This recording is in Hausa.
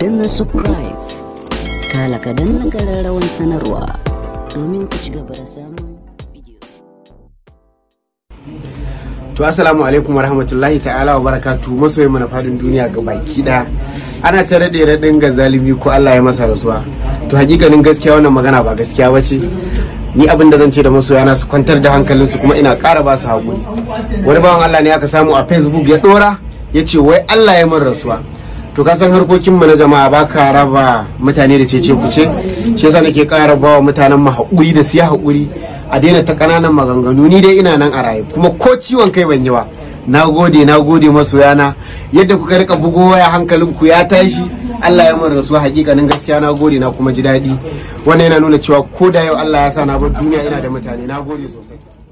danna subscribe kala ka danna kararrawan sanarwa domin ku ci gaba da samun to assalamu alaikum warahmatullahi ta'ala wa barakatu masoyi mana fadin duniya ga baki da ana tare da radin ga zalimi ko Allah ya masa rasuwa to hakikanin gaskiya wannan magana ba gaskiya bace ni abin da zan ce da masoya na su kwantar da hankalinsu kuma ina ƙara ba su haƙuri wani bawan Allah ne aka samu a facebook ya ɗora ya ce wai Allah ya mun rasuwa to ka san harkokin mu na jama'a ba ka raba mutane da cece kuce shi yasa nake ƙara ba wa mutanen mu haƙuri da siya haƙuri a daina ta ƙananan maganganu ni dai ina nan a raye kuma ko ciwon kai ban yi ba na gode na gode masoyana yadda kuka rika bugo waya hankalin ku ya tashi Allah ya mun rasu haƙiƙanin gaskiya na gode na kuma ji daɗi wannan yana nuna cewa ko da yau Allah ya sa na bar duniya ina da mutane na gode sosai